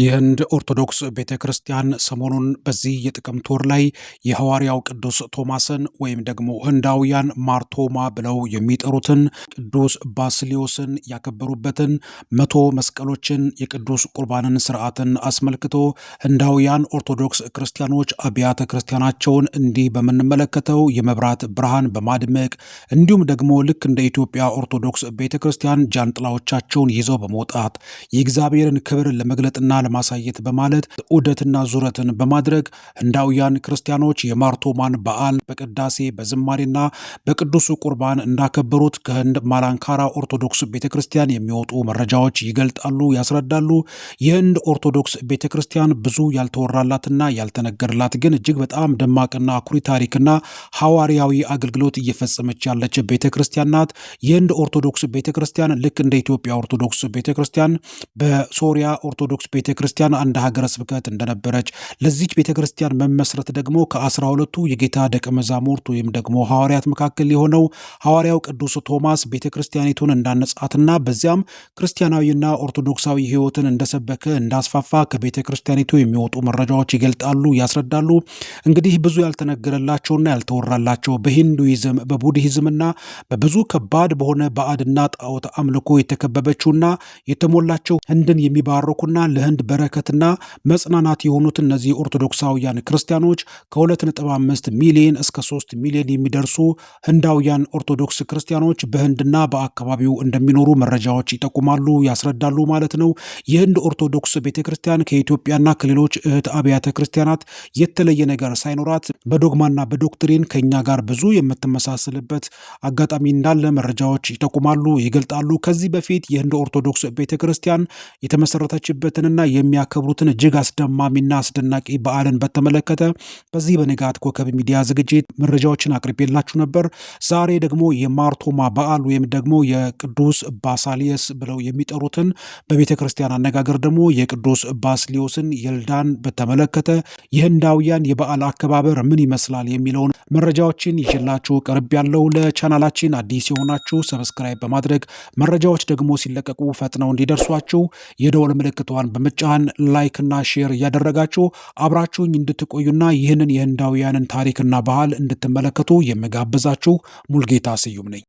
የህንድ ኦርቶዶክስ ቤተ ክርስቲያን ሰሞኑን በዚህ የጥቅምት ወር ላይ የሐዋርያው ቅዱስ ቶማስን ወይም ደግሞ ህንዳውያን ማርቶማ ብለው የሚጠሩትን ቅዱስ ባስሊዮስን ያከበሩበትን መቶ መስቀሎችን የቅዱስ ቁርባንን ስርዓትን አስመልክቶ ህንዳውያን ኦርቶዶክስ ክርስቲያኖች አብያተ ክርስቲያናቸውን እንዲህ በምንመለከተው የመብራት ብርሃን በማድመቅ እንዲሁም ደግሞ ልክ እንደ ኢትዮጵያ ኦርቶዶክስ ቤተ ክርስቲያን ጃንጥላዎቻቸውን ይዘው በመውጣት የእግዚአብሔርን ክብር ለመግለጥና ለማሳየት በማለት ዑደትና ዙረትን በማድረግ ህንዳውያን ክርስቲያኖች የማርቶማን በዓል በቅዳሴ በዝማሬና በቅዱሱ ቁርባን እንዳከበሩት ከህንድ ማላንካራ ኦርቶዶክስ ቤተ ክርስቲያን የሚወጡ መረጃዎች ይገልጣሉ፣ ያስረዳሉ። የህንድ ኦርቶዶክስ ቤተ ክርስቲያን ብዙ ያልተወራላትና ያልተነገርላት ግን እጅግ በጣም ደማቅና አኩሪ ታሪክና ሐዋርያዊ አገልግሎት እየፈጸመች ያለች ቤተ ክርስቲያን ናት። የህንድ ኦርቶዶክስ ቤተ ክርስቲያን ልክ እንደ ኢትዮጵያ ኦርቶዶክስ ቤተ ክርስቲያን በሶሪያ ኦርቶዶክስ ቤተ ቤተ ክርስቲያን አንድ ሀገረ ስብከት እንደነበረች ለዚች ቤተ ክርስቲያን መመስረት ደግሞ ከአስራ ሁለቱ የጌታ ደቀ መዛሙርት ወይም ደግሞ ሐዋርያት መካከል የሆነው ሐዋርያው ቅዱስ ቶማስ ቤተ ክርስቲያኒቱን እንዳነጻትና በዚያም ክርስቲያናዊና ኦርቶዶክሳዊ ሕይወትን እንደሰበከ እንዳስፋፋ ከቤተ ክርስቲያኒቱ የሚወጡ መረጃዎች ይገልጣሉ፣ ያስረዳሉ። እንግዲህ ብዙ ያልተነገረላቸውና ያልተወራላቸው በሂንዱይዝም በቡድሂዝምና በብዙ ከባድ በሆነ ባዕድና ጣዖት አምልኮ የተከበበችውና የተሞላቸው ህንድን የሚባረኩና ለህንድ በረከትና መጽናናት የሆኑት እነዚህ ኦርቶዶክሳውያን ክርስቲያኖች ከ2.5 ሚሊዮን እስከ 3 ሚሊዮን የሚደርሱ ህንዳውያን ኦርቶዶክስ ክርስቲያኖች በህንድና በአካባቢው እንደሚኖሩ መረጃዎች ይጠቁማሉ፣ ያስረዳሉ ማለት ነው። የህንድ ኦርቶዶክስ ቤተ ክርስቲያን ከኢትዮጵያና ከሌሎች እህት አብያተ ክርስቲያናት የተለየ ነገር ሳይኖራት በዶግማና በዶክትሪን ከእኛ ጋር ብዙ የምትመሳሰልበት አጋጣሚ እንዳለ መረጃዎች ይጠቁማሉ፣ ይገልጣሉ። ከዚህ በፊት የህንድ ኦርቶዶክስ ቤተ ክርስቲያን የተመሰረተችበትንና የሚያከብሩትን እጅግ አስደማሚና አስደናቂ በዓልን በተመለከተ በዚህ በንጋት ኮከብ ሚዲያ ዝግጅት መረጃዎችን አቅርቤላችሁ ነበር። ዛሬ ደግሞ የማርቶማ በዓል ወይም ደግሞ የቅዱስ ባሳሊየስ ብለው የሚጠሩትን በቤተ ክርስቲያን አነጋገር ደግሞ የቅዱስ ባስሊዮስን የልዳን በተመለከተ የህንዳውያን የበዓል አከባበር ምን ይመስላል የሚለውን መረጃዎችን ይችላችሁ ቅርብ ያለው። ለቻናላችን አዲስ የሆናችሁ ሰብስክራይብ በማድረግ መረጃዎች ደግሞ ሲለቀቁ ፈጥነው እንዲደርሷችሁ የደወል ምልክቷን በመጫ ምርጫን ላይክና ሼር እያደረጋችሁ አብራችሁኝ እንድትቆዩና ይህንን የህንዳውያንን ታሪክና ባህል እንድትመለከቱ የምጋብዛችሁ ሙልጌታ ስዩም ነኝ።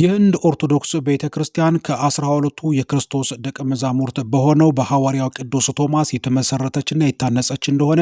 የህንድ ኦርቶዶክስ ቤተ ክርስቲያን ከአስራ ሁለቱ የክርስቶስ ደቀ መዛሙርት በሆነው በሐዋርያው ቅዱስ ቶማስ የተመሰረተችና የታነጸች እንደሆነ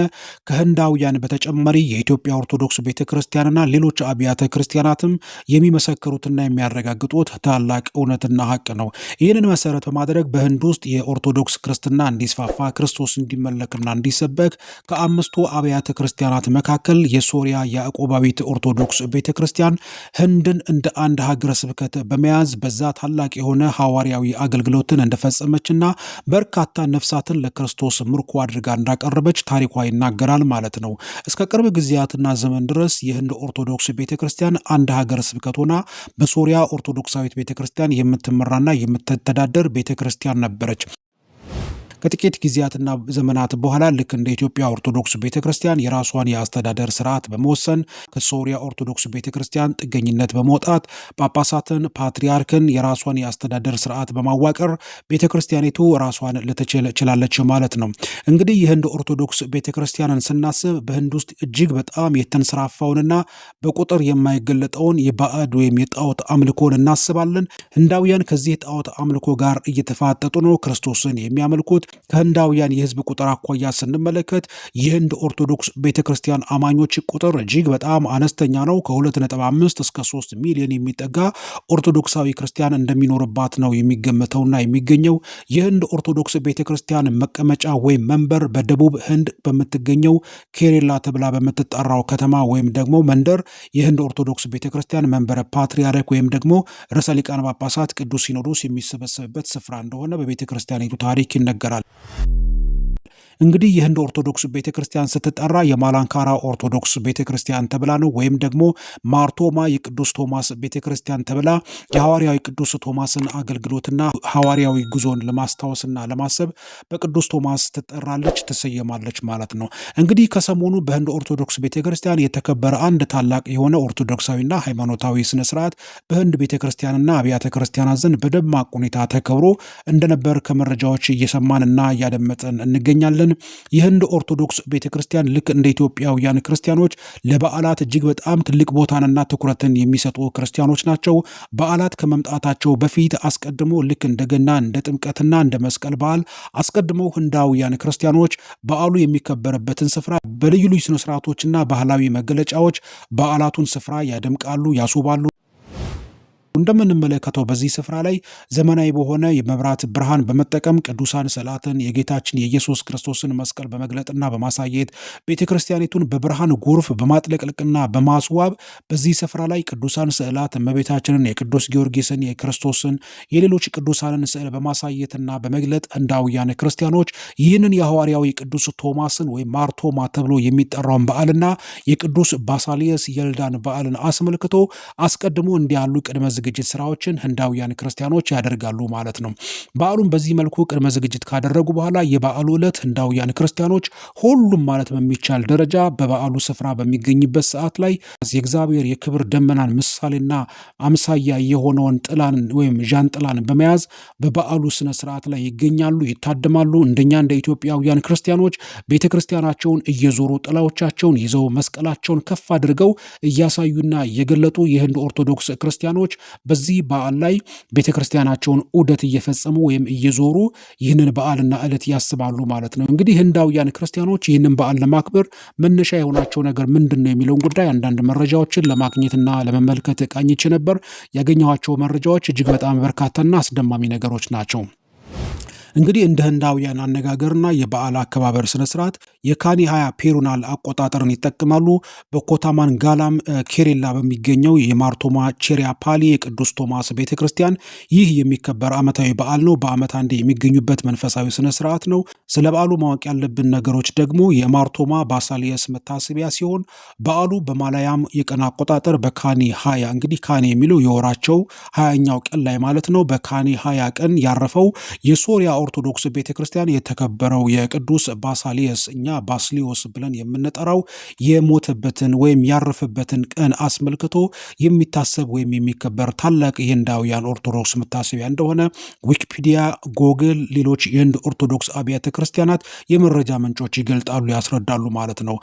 ከህንዳውያን በተጨማሪ የኢትዮጵያ ኦርቶዶክስ ቤተ ክርስቲያንና ሌሎች አብያተ ክርስቲያናትም የሚመሰክሩትና የሚያረጋግጡት ታላቅ እውነትና ሀቅ ነው። ይህንን መሰረት በማድረግ በህንድ ውስጥ የኦርቶዶክስ ክርስትና እንዲስፋፋ፣ ክርስቶስ እንዲመለክና እንዲሰበክ ከአምስቱ አብያተ ክርስቲያናት መካከል የሶሪያ ያዕቆባዊት ኦርቶዶክስ ቤተ ክርስቲያን ህንድን እንደ አንድ ሀገረ ስብከት በረከት በመያዝ በዛ ታላቅ የሆነ ሐዋርያዊ አገልግሎትን እንደፈጸመችና በርካታ ነፍሳትን ለክርስቶስ ምርኮ አድርጋ እንዳቀረበች ታሪኳ ይናገራል ማለት ነው። እስከ ቅርብ ጊዜያትና ዘመን ድረስ የህንድ ኦርቶዶክስ ቤተ ክርስቲያን አንድ ሀገር ስብከት ሆና በሶሪያ ኦርቶዶክሳዊት ቤተ ክርስቲያን የምትመራና የምትተዳደር ቤተ ክርስቲያን ነበረች። ከጥቂት ጊዜያትና ዘመናት በኋላ ልክ እንደ ኢትዮጵያ ኦርቶዶክስ ቤተ ክርስቲያን የራሷን የአስተዳደር ስርዓት በመወሰን ከሶሪያ ኦርቶዶክስ ቤተ ክርስቲያን ጥገኝነት በመውጣት ጳጳሳትን፣ ፓትርያርክን የራሷን የአስተዳደር ስርዓት በማዋቀር ቤተ ክርስቲያኒቱ ራሷን ልትችላለች ማለት ነው። እንግዲህ የህንድ ኦርቶዶክስ ቤተ ክርስቲያንን ስናስብ በህንድ ውስጥ እጅግ በጣም የተንሰራፋውንና በቁጥር የማይገለጠውን የባዕድ ወይም የጣዖት አምልኮን እናስባለን። ህንዳውያን ከዚህ ጣዖት አምልኮ ጋር እየተፋጠጡ ነው። ክርስቶስን የሚያመልኩት ከህንዳውያን የህዝብ ቁጥር አኳያ ስንመለከት የህንድ ኦርቶዶክስ ቤተ ክርስቲያን አማኞች ቁጥር እጅግ በጣም አነስተኛ ነው። ከ2.5 እስከ 3 ሚሊዮን የሚጠጋ ኦርቶዶክሳዊ ክርስቲያን እንደሚኖርባት ነው የሚገመተውና የሚገኘው። የህንድ ኦርቶዶክስ ቤተ ክርስቲያን መቀመጫ ወይም መንበር በደቡብ ህንድ በምትገኘው ኬሬላ ተብላ በምትጠራው ከተማ ወይም ደግሞ መንደር የህንድ ኦርቶዶክስ ቤተ ክርስቲያን መንበረ ፓትሪያርክ ወይም ደግሞ ርዕሰ ሊቃነ ጳጳሳት ቅዱስ ሲኖዶስ የሚሰበሰብበት ስፍራ እንደሆነ በቤተ ክርስቲያኒቱ ታሪክ ይነገራል። Iran. እንግዲህ የህንድ ኦርቶዶክስ ቤተ ክርስቲያን ስትጠራ የማላንካራ ኦርቶዶክስ ቤተ ክርስቲያን ተብላ ነው ወይም ደግሞ ማርቶማ የቅዱስ ቶማስ ቤተ ክርስቲያን ተብላ የሐዋርያዊ ቅዱስ ቶማስን አገልግሎትና ሐዋርያዊ ጉዞን ለማስታወስና ለማሰብ በቅዱስ ቶማስ ትጠራለች፣ ትሰየማለች ማለት ነው። እንግዲህ ከሰሞኑ በህንድ ኦርቶዶክስ ቤተ ክርስቲያን የተከበረ አንድ ታላቅ የሆነ ኦርቶዶክሳዊና ሃይማኖታዊ ስነ ስርዓት በህንድ ቤተ ክርስቲያንና አብያተ ክርስቲያናት ዘንድ በደማቅ ሁኔታ ተከብሮ እንደነበር ከመረጃዎች እየሰማንና እያደመጠን እንገኛለን። ግን የህንድ ኦርቶዶክስ ቤተ ክርስቲያን ልክ እንደ ኢትዮጵያውያን ክርስቲያኖች ለበዓላት እጅግ በጣም ትልቅ ቦታንና ትኩረትን የሚሰጡ ክርስቲያኖች ናቸው። በዓላት ከመምጣታቸው በፊት አስቀድሞ ልክ እንደ ገና፣ እንደ ጥምቀትና እንደ መስቀል በዓል አስቀድመው ህንዳውያን ክርስቲያኖች በዓሉ የሚከበርበትን ስፍራ በልዩ ልዩ ስነስርዓቶችና ባህላዊ መገለጫዎች በዓላቱን ስፍራ ያደምቃሉ፣ ያስውባሉ እንደምንመለከተው በዚህ ስፍራ ላይ ዘመናዊ በሆነ የመብራት ብርሃን በመጠቀም ቅዱሳን ስዕላትን የጌታችን የኢየሱስ ክርስቶስን መስቀል በመግለጥና በማሳየት ቤተ ክርስቲያኒቱን በብርሃን ጎርፍ በማጥለቅልቅና በማስዋብ በዚህ ስፍራ ላይ ቅዱሳን ስዕላት እመቤታችንን፣ የቅዱስ ጊዮርጊስን፣ የክርስቶስን፣ የሌሎች ቅዱሳንን ስዕል በማሳየትና በመግለጥ እንዳውያን ክርስቲያኖች ይህንን የሐዋርያዊ ቅዱስ ቶማስን ወይም ማርቶማ ተብሎ የሚጠራውን በዓልና የቅዱስ ባሳልየስ የልዳን በዓልን አስመልክቶ አስቀድሞ እንዲያሉ ቅድመ ዝግጅት ስራዎችን ህንዳውያን ክርስቲያኖች ያደርጋሉ ማለት ነው። በዓሉን በዚህ መልኩ ቅድመ ዝግጅት ካደረጉ በኋላ የበዓሉ ዕለት ህንዳውያን ክርስቲያኖች ሁሉም ማለት በሚቻል ደረጃ በበዓሉ ስፍራ በሚገኝበት ሰዓት ላይ የእግዚአብሔር የክብር ደመናን ምሳሌና አምሳያ የሆነውን ጥላን ወይም ዣንጥላን በመያዝ በበዓሉ ስነ ስርዓት ላይ ይገኛሉ፣ ይታደማሉ። እንደኛ እንደ ኢትዮጵያውያን ክርስቲያኖች ቤተ ክርስቲያናቸውን እየዞሩ ጥላዎቻቸውን ይዘው መስቀላቸውን ከፍ አድርገው እያሳዩና እየገለጡ የህንድ ኦርቶዶክስ ክርስቲያኖች በዚህ በዓል ላይ ቤተ ክርስቲያናቸውን ዑደት እየፈጸሙ ወይም እየዞሩ ይህንን በዓልና ዕለት ያስባሉ ማለት ነው። እንግዲህ ህንዳውያን ክርስቲያኖች ይህንን በዓል ለማክበር መነሻ የሆናቸው ነገር ምንድን ነው የሚለውን ጉዳይ አንዳንድ መረጃዎችን ለማግኘትና ለመመልከት ቃኝቼ ነበር። ያገኘኋቸው መረጃዎች እጅግ በጣም በርካታና አስደማሚ ነገሮች ናቸው። እንግዲህ እንደ ህንዳውያን አነጋገርና የበዓል አከባበር ስነስርዓት የካኒ ሀያ ፔሩናል አቆጣጠርን ይጠቅማሉ። በኮታማን ጋላም ኬሬላ በሚገኘው የማርቶማ ቼሪያ ፓሊ የቅዱስ ቶማስ ቤተ ክርስቲያን ይህ የሚከበር ዓመታዊ በዓል ነው። በዓመት አንዴ የሚገኙበት መንፈሳዊ ስነስርዓት ነው። ስለ በዓሉ ማወቅ ያለብን ነገሮች ደግሞ የማርቶማ ባሳሊየስ መታሰቢያ ሲሆን በዓሉ በማላያም የቀን አቆጣጠር በካኒ ሀያ እንግዲህ ካኒ የሚለው የወራቸው ሀያኛው ቀን ላይ ማለት ነው። በካኒ ሀያ ቀን ያረፈው የሶሪያ ኦርቶዶክስ ቤተ ክርስቲያን የተከበረው የቅዱስ ባሳሊየስ እኛ ባስሊዮስ ብለን የምንጠራው የሞተበትን ወይም ያረፈበትን ቀን አስመልክቶ የሚታሰብ ወይም የሚከበር ታላቅ የህንዳውያን ኦርቶዶክስ መታሰቢያ እንደሆነ ዊኪፒዲያ፣ ጎግል፣ ሌሎች የህንድ ኦርቶዶክስ አብያተ ክርስቲያናት የመረጃ ምንጮች ይገልጣሉ፣ ያስረዳሉ ማለት ነው።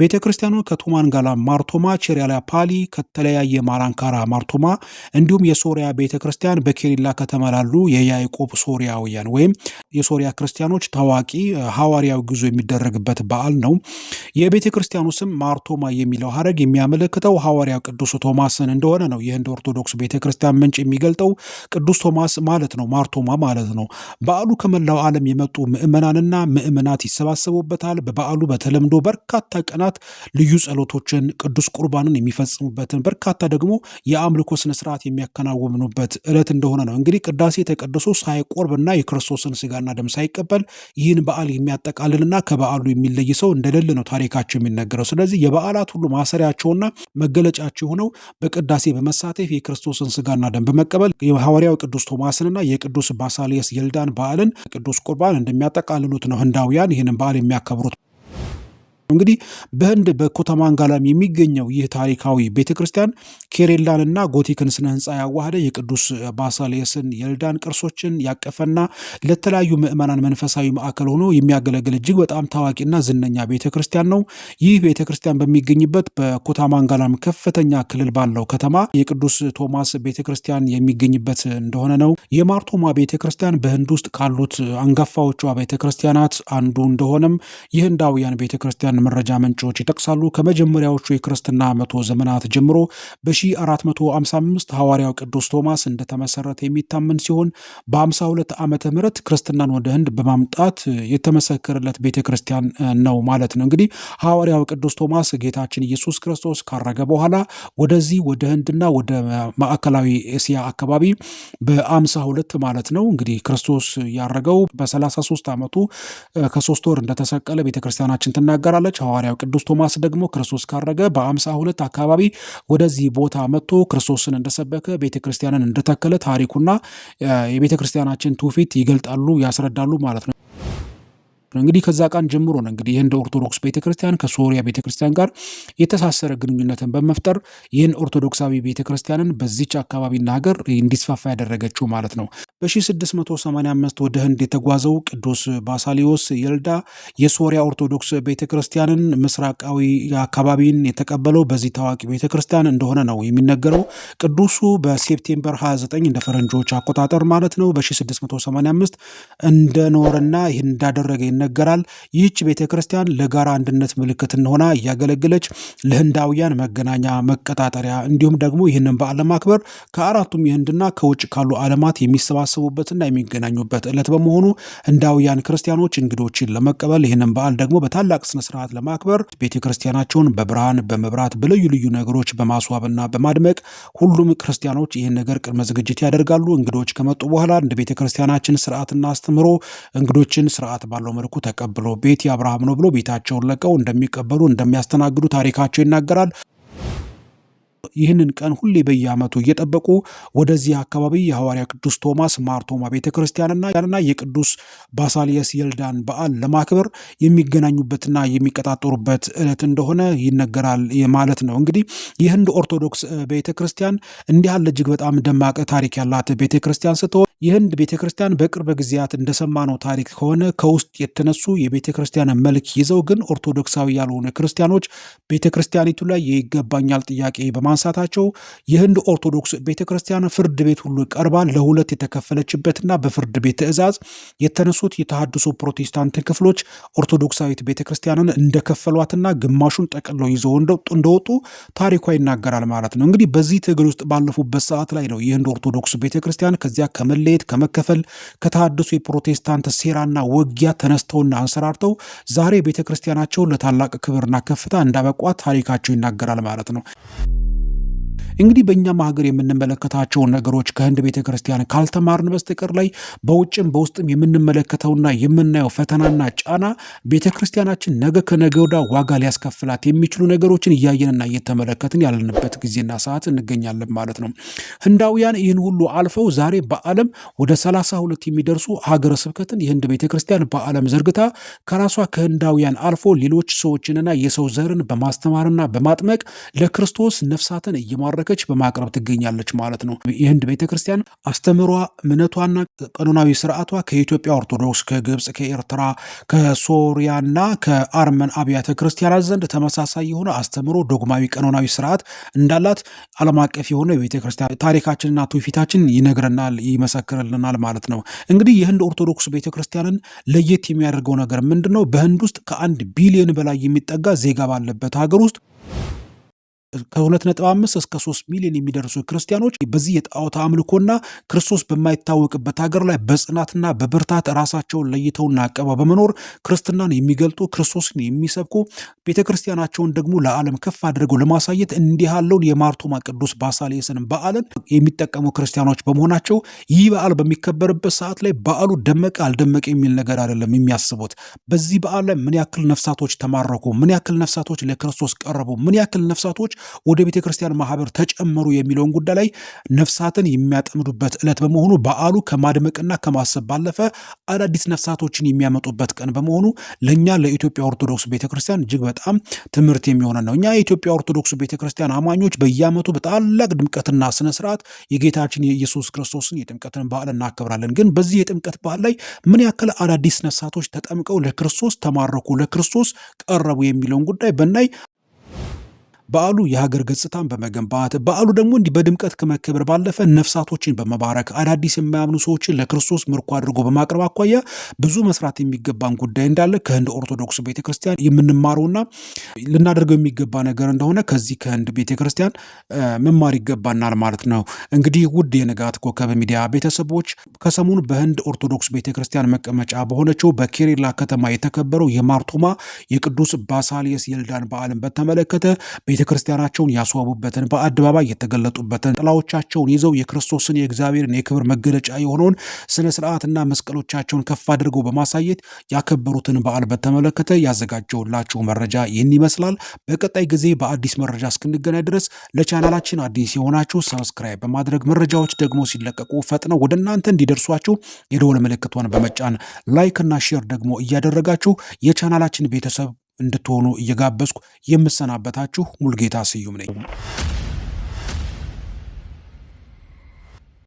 ቤተ ክርስቲያኑ ከቱማንጋላ ማርቶማ፣ ቼሪያላ ፓሊ ከተለያየ ማራንካራ ማርቶማ እንዲሁም የሶሪያ ቤተ ክርስቲያን በኬሪላ ከተማ ላሉ የያዕቆብ ሶሪያውያን ወይም የሶሪያ ክርስቲያኖች ታዋቂ ሐዋርያዊ ጉዞ የሚደረግበት በዓል ነው። የቤተ ክርስቲያኑ ስም ማርቶማ የሚለው ሀረግ የሚያመለክተው ሐዋርያው ቅዱስ ቶማስን እንደሆነ ነው የህንድ ኦርቶዶክስ ቤተ ክርስቲያን ምንጭ የሚገልጠው ቅዱስ ቶማስ ማለት ነው፣ ማርቶማ ማለት ነው። በዓሉ ከመላው ዓለም የመጡ ምዕመናንና ምዕመናት ይሰባሰቡበታል። በበዓሉ በተለምዶ በርካታ ቀን ቀናት ልዩ ጸሎቶችን፣ ቅዱስ ቁርባንን የሚፈጽሙበትን በርካታ ደግሞ የአምልኮ ስነስርዓት የሚያከናውኑበት ዕለት እንደሆነ ነው። እንግዲህ ቅዳሴ ተቀድሶ ሳይቆርብና የክርስቶስን ስጋና ደም ሳይቀበል ይህን በዓል የሚያጠቃልልና ከበዓሉ የሚለይ ሰው እንደሌለ ነው ታሪካቸው የሚነገረው። ስለዚህ የበዓላት ሁሉ ማሰሪያቸውና መገለጫቸው የሆነው በቅዳሴ በመሳተፍ የክርስቶስን ስጋና ደም በመቀበል የሐዋርያው ቅዱስ ቶማስንና የቅዱስ ባሳልየስ የልዳን በዓልን ቅዱስ ቁርባን እንደሚያጠቃልሉት ነው ህንዳውያን ይህንን በዓል የሚያከብሩት። እንግዲህ በህንድ በኮተማንጋላም የሚገኘው ይህ ታሪካዊ ቤተ ክርስቲያን ኬሬላንና ጎቲክን ስነ ህንፃ ያዋህደ የቅዱስ ባሳሌስን የልዳን ቅርሶችን ያቀፈና ለተለያዩ ምዕመናን መንፈሳዊ ማዕከል ሆኖ የሚያገለግል እጅግ በጣም ታዋቂና ዝነኛ ቤተ ክርስቲያን ነው። ይህ ቤተ ክርስቲያን በሚገኝበት በኮታማንጋላም ከፍተኛ ክልል ባለው ከተማ የቅዱስ ቶማስ ቤተ ክርስቲያን የሚገኝበት እንደሆነ ነው። የማርቶማ ቤተ ክርስቲያን በህንድ ውስጥ ካሉት አንጋፋዎቿ ቤተ ክርስቲያናት አንዱ እንደሆነም የህንዳውያን ቤተ ክርስቲያን መረጃ ምንጮች ይጠቅሳሉ። ከመጀመሪያዎቹ የክርስትና መቶ ዘመናት ጀምሮ በ1455 ሐዋርያው ቅዱስ ቶማስ እንደተመሰረተ የሚታመን ሲሆን በ52 ዓመተ ምህረት ክርስትናን ወደ ህንድ በማምጣት የተመሰከረለት ቤተ ክርስቲያን ነው ማለት ነው። እንግዲህ ሐዋርያው ቅዱስ ቶማስ ጌታችን ኢየሱስ ክርስቶስ ካረገ በኋላ ወደዚህ ወደ ህንድና ወደ ማዕከላዊ እስያ አካባቢ በ52 ማለት ነው እንግዲህ ክርስቶስ ያረገው በ33 ዓመቱ ከሶስት ወር እንደተሰቀለ ቤተክርስቲያናችን ትናገራለች። ትገኛለች። ሐዋርያው ቅዱስ ቶማስ ደግሞ ክርስቶስ ካረገ በአምሳ ሁለት አካባቢ ወደዚህ ቦታ መጥቶ ክርስቶስን እንደሰበከ ቤተ ክርስቲያንን እንደተከለ ታሪኩና የቤተ ክርስቲያናችን ትውፊት ይገልጣሉ፣ ያስረዳሉ ማለት ነው። እንግዲህ ከዛ ቀን ጀምሮ ነው እንግዲህ የህንድ ኦርቶዶክስ ቤተክርስቲያን ከሶሪያ ቤተክርስቲያን ጋር የተሳሰረ ግንኙነትን በመፍጠር ይህን ኦርቶዶክሳዊ ቤተክርስቲያንን በዚች አካባቢና ሀገር እንዲስፋፋ ያደረገችው ማለት ነው። በ685 ወደ ህንድ የተጓዘው ቅዱስ ባሳሊዮስ የልዳ የሶሪያ ኦርቶዶክስ ቤተክርስቲያንን ምስራቃዊ አካባቢን የተቀበለው በዚህ ታዋቂ ቤተክርስቲያን እንደሆነ ነው የሚነገረው። ቅዱሱ በሴፕቴምበር 29 እንደ ፈረንጆች አቆጣጠር ማለት ነው በ685 እንደኖረና ይህን እንዳደረገ ይነገራል። ይህች ቤተ ክርስቲያን ለጋራ አንድነት ምልክትን ሆና እያገለገለች ለህንዳውያን መገናኛ መቀጣጠሪያ፣ እንዲሁም ደግሞ ይህንን በዓል ለማክበር ከአራቱም የህንድና ከውጭ ካሉ ዓለማት የሚሰባሰቡበትና የሚገናኙበት ዕለት በመሆኑ ህንዳውያን ክርስቲያኖች እንግዶችን ለመቀበል ይህንን በዓል ደግሞ በታላቅ ስነስርዓት ለማክበር ቤተ ክርስቲያናቸውን በብርሃን በመብራት በልዩ ልዩ ነገሮች በማስዋብና በማድመቅ ሁሉም ክርስቲያኖች ይህን ነገር ቅድመ ዝግጅት ያደርጋሉ። እንግዶች ከመጡ በኋላ እንደ ቤተ ክርስቲያናችን ስርዓትና አስተምህሮ እንግዶችን ስርዓት ባለው መልኩ መልኩ ተቀብሎ ቤት የአብርሃም ነው ብሎ ቤታቸውን ለቀው እንደሚቀበሉ እንደሚያስተናግዱ ታሪካቸው ይናገራል። ይህንን ቀን ሁሌ በየዓመቱ እየጠበቁ ወደዚህ አካባቢ የሐዋርያ ቅዱስ ቶማስ ማርቶማ ቤተ ክርስቲያንና የቅዱስ ባሳልየስ የልዳን በዓል ለማክበር የሚገናኙበትና የሚቀጣጠሩበት ዕለት እንደሆነ ይነገራል ማለት ነው። እንግዲህ የህንድ ኦርቶዶክስ ቤተ ክርስቲያን እንዲህ ያለ እጅግ በጣም ደማቅ ታሪክ ያላት ቤተ ክርስቲያን ስትሆን የህንድ ቤተ ክርስቲያን በቅርብ ጊዜያት እንደሰማነው ታሪክ ከሆነ ከውስጥ የተነሱ የቤተ ክርስቲያን መልክ ይዘው ግን ኦርቶዶክሳዊ ያልሆነ ክርስቲያኖች ቤተ ክርስቲያኒቱ ላይ የይገባኛል ጥያቄ በማንሳታቸው የህንድ ኦርቶዶክስ ቤተ ክርስቲያን ፍርድ ቤት ሁሉ ቀርባ ለሁለት የተከፈለችበትና በፍርድ ቤት ትዕዛዝ የተነሱት የተሃድሶ ፕሮቴስታንት ክፍሎች ኦርቶዶክሳዊት ቤተ ክርስቲያንን እንደከፈሏትና ግማሹን ጠቅለው ይዘው እንደወጡ ታሪኳ ይናገራል ማለት ነው። እንግዲህ በዚህ ትግል ውስጥ ባለፉበት ሰዓት ላይ ነው የህንድ ኦርቶዶክስ ቤተ ክርስቲያን ከዚያ ከመለ ከመለየት ከመከፈል ከታደሱ የፕሮቴስታንት ሴራና ውጊያ ተነስተውና አንሰራርተው ዛሬ ቤተ ክርስቲያናቸውን ለታላቅ ክብርና ከፍታ እንዳበቋት ታሪካቸው ይናገራል ማለት ነው። እንግዲህ በእኛም ሀገር የምንመለከታቸውን ነገሮች ከህንድ ቤተ ክርስቲያን ካልተማርን በስተቀር ላይ በውጭም በውስጥም የምንመለከተውና የምናየው ፈተናና ጫና ቤተ ክርስቲያናችን ነገ ከነገ ወዳ ዋጋ ሊያስከፍላት የሚችሉ ነገሮችን እያየንና እየተመለከትን ያለንበት ጊዜና ሰዓት እንገኛለን ማለት ነው። ህንዳውያን ይህን ሁሉ አልፈው ዛሬ በዓለም ወደ 32 የሚደርሱ ሀገረ ስብከትን የህንድ ቤተ ክርስቲያን በዓለም ዘርግታ ከራሷ ከህንዳውያን አልፎ ሌሎች ሰዎችንና የሰው ዘርን በማስተማርና በማጥመቅ ለክርስቶስ ነፍሳትን እየማረከ እያደረገች በማቅረብ ትገኛለች ማለት ነው። የህንድ ቤተ ክርስቲያን አስተምሯ፣ እምነቷና ቀኖናዊ ስርዓቷ ከኢትዮጵያ ኦርቶዶክስ፣ ከግብፅ፣ ከኤርትራ፣ ከሶሪያና ከአርመን አብያተ ክርስቲያናት ዘንድ ተመሳሳይ የሆነ አስተምሮ፣ ዶግማዊ፣ ቀኖናዊ ስርዓት እንዳላት ዓለም አቀፍ የሆነ ቤተክርስቲያን ክርስቲያን ታሪካችንና ትውፊታችን ይነግረናል፣ ይመሰክርልናል ማለት ነው። እንግዲህ የህንድ ኦርቶዶክስ ቤተ ክርስቲያንን ለየት የሚያደርገው ነገር ምንድን ነው? በህንድ ውስጥ ከአንድ ቢሊዮን በላይ የሚጠጋ ዜጋ ባለበት ሀገር ውስጥ ከ25 እስከ 3 ሚሊዮን የሚደርሱ ክርስቲያኖች በዚህ የጣዖት አምልኮና ክርስቶስ በማይታወቅበት ሀገር ላይ በጽናትና በብርታት ራሳቸውን ለይተውና አቀባ በመኖር ክርስትናን የሚገልጡ ክርስቶስን የሚሰብኩ ቤተ ክርስቲያናቸውን ደግሞ ለዓለም ከፍ አድርገው ለማሳየት እንዲህ ያለውን የማርቶማ ቅዱስ ባሳሌስን በዓልን የሚጠቀሙ ክርስቲያኖች በመሆናቸው ይህ በዓል በሚከበርበት ሰዓት ላይ በዓሉ ደመቀ አልደመቀ የሚል ነገር አይደለም የሚያስቡት። በዚህ በዓል ላይ ምን ያክል ነፍሳቶች ተማረኩ፣ ምን ያክል ነፍሳቶች ለክርስቶስ ቀረቡ፣ ምን ያክል ነፍሳቶች ወደ ቤተ ክርስቲያን ማህበር ተጨመሩ የሚለውን ጉዳይ ላይ ነፍሳትን የሚያጠምዱበት ዕለት በመሆኑ በዓሉ ከማድመቅና ከማሰብ ባለፈ አዳዲስ ነፍሳቶችን የሚያመጡበት ቀን በመሆኑ ለእኛ ለኢትዮጵያ ኦርቶዶክስ ቤተክርስቲያን እጅግ በጣም ትምህርት የሚሆነ ነው። እኛ የኢትዮጵያ ኦርቶዶክስ ቤተክርስቲያን አማኞች በየዓመቱ በታላቅ ድምቀትና ስነ ስርዓት የጌታችን የኢየሱስ ክርስቶስን የጥምቀትን በዓል እናከብራለን። ግን በዚህ የጥምቀት በዓል ላይ ምን ያክል አዳዲስ ነፍሳቶች ተጠምቀው ለክርስቶስ ተማረኩ፣ ለክርስቶስ ቀረቡ የሚለውን ጉዳይ በናይ በዓሉ የሀገር ገጽታን በመገንባት በዓሉ ደግሞ እንዲህ በድምቀት ከመከበር ባለፈ ነፍሳቶችን በመባረክ አዳዲስ የማያምኑ ሰዎችን ለክርስቶስ ምርኮ አድርጎ በማቅረብ አኳያ ብዙ መስራት የሚገባን ጉዳይ እንዳለ ከህንድ ኦርቶዶክስ ቤተክርስቲያን የምንማረውና ልናደርገው የሚገባ ነገር እንደሆነ ከዚህ ከህንድ ቤተክርስቲያን መማር ይገባናል ማለት ነው። እንግዲህ ውድ የንጋት ኮከብ ሚዲያ ቤተሰቦች ከሰሞኑ በህንድ ኦርቶዶክስ ቤተክርስቲያን መቀመጫ በሆነችው በኬሬላ ከተማ የተከበረው የማርቶማ የቅዱስ ባሳልየስ የልዳን በዓልን በተመለከተ ቤተ ክርስቲያናቸውን ያስዋቡበትን በአደባባይ የተገለጡበትን ጥላዎቻቸውን ይዘው የክርስቶስን የእግዚአብሔርን የክብር መገለጫ የሆነውን ስነ ስርዓትና መስቀሎቻቸውን ከፍ አድርገው በማሳየት ያከበሩትን በዓል በተመለከተ ያዘጋጀውላችሁ መረጃ ይህን ይመስላል። በቀጣይ ጊዜ በአዲስ መረጃ እስክንገናኝ ድረስ ለቻናላችን አዲስ የሆናችሁ ሰብስክራይብ በማድረግ መረጃዎች ደግሞ ሲለቀቁ ፈጥነው ወደ እናንተ እንዲደርሷችሁ የደወል ምልክቷን በመጫን ላይክና ሼር ደግሞ እያደረጋችሁ የቻናላችን ቤተሰብ እንድትሆኑ እየጋበዝኩ የምሰናበታችሁ ሙልጌታ ስዩም ነኝ።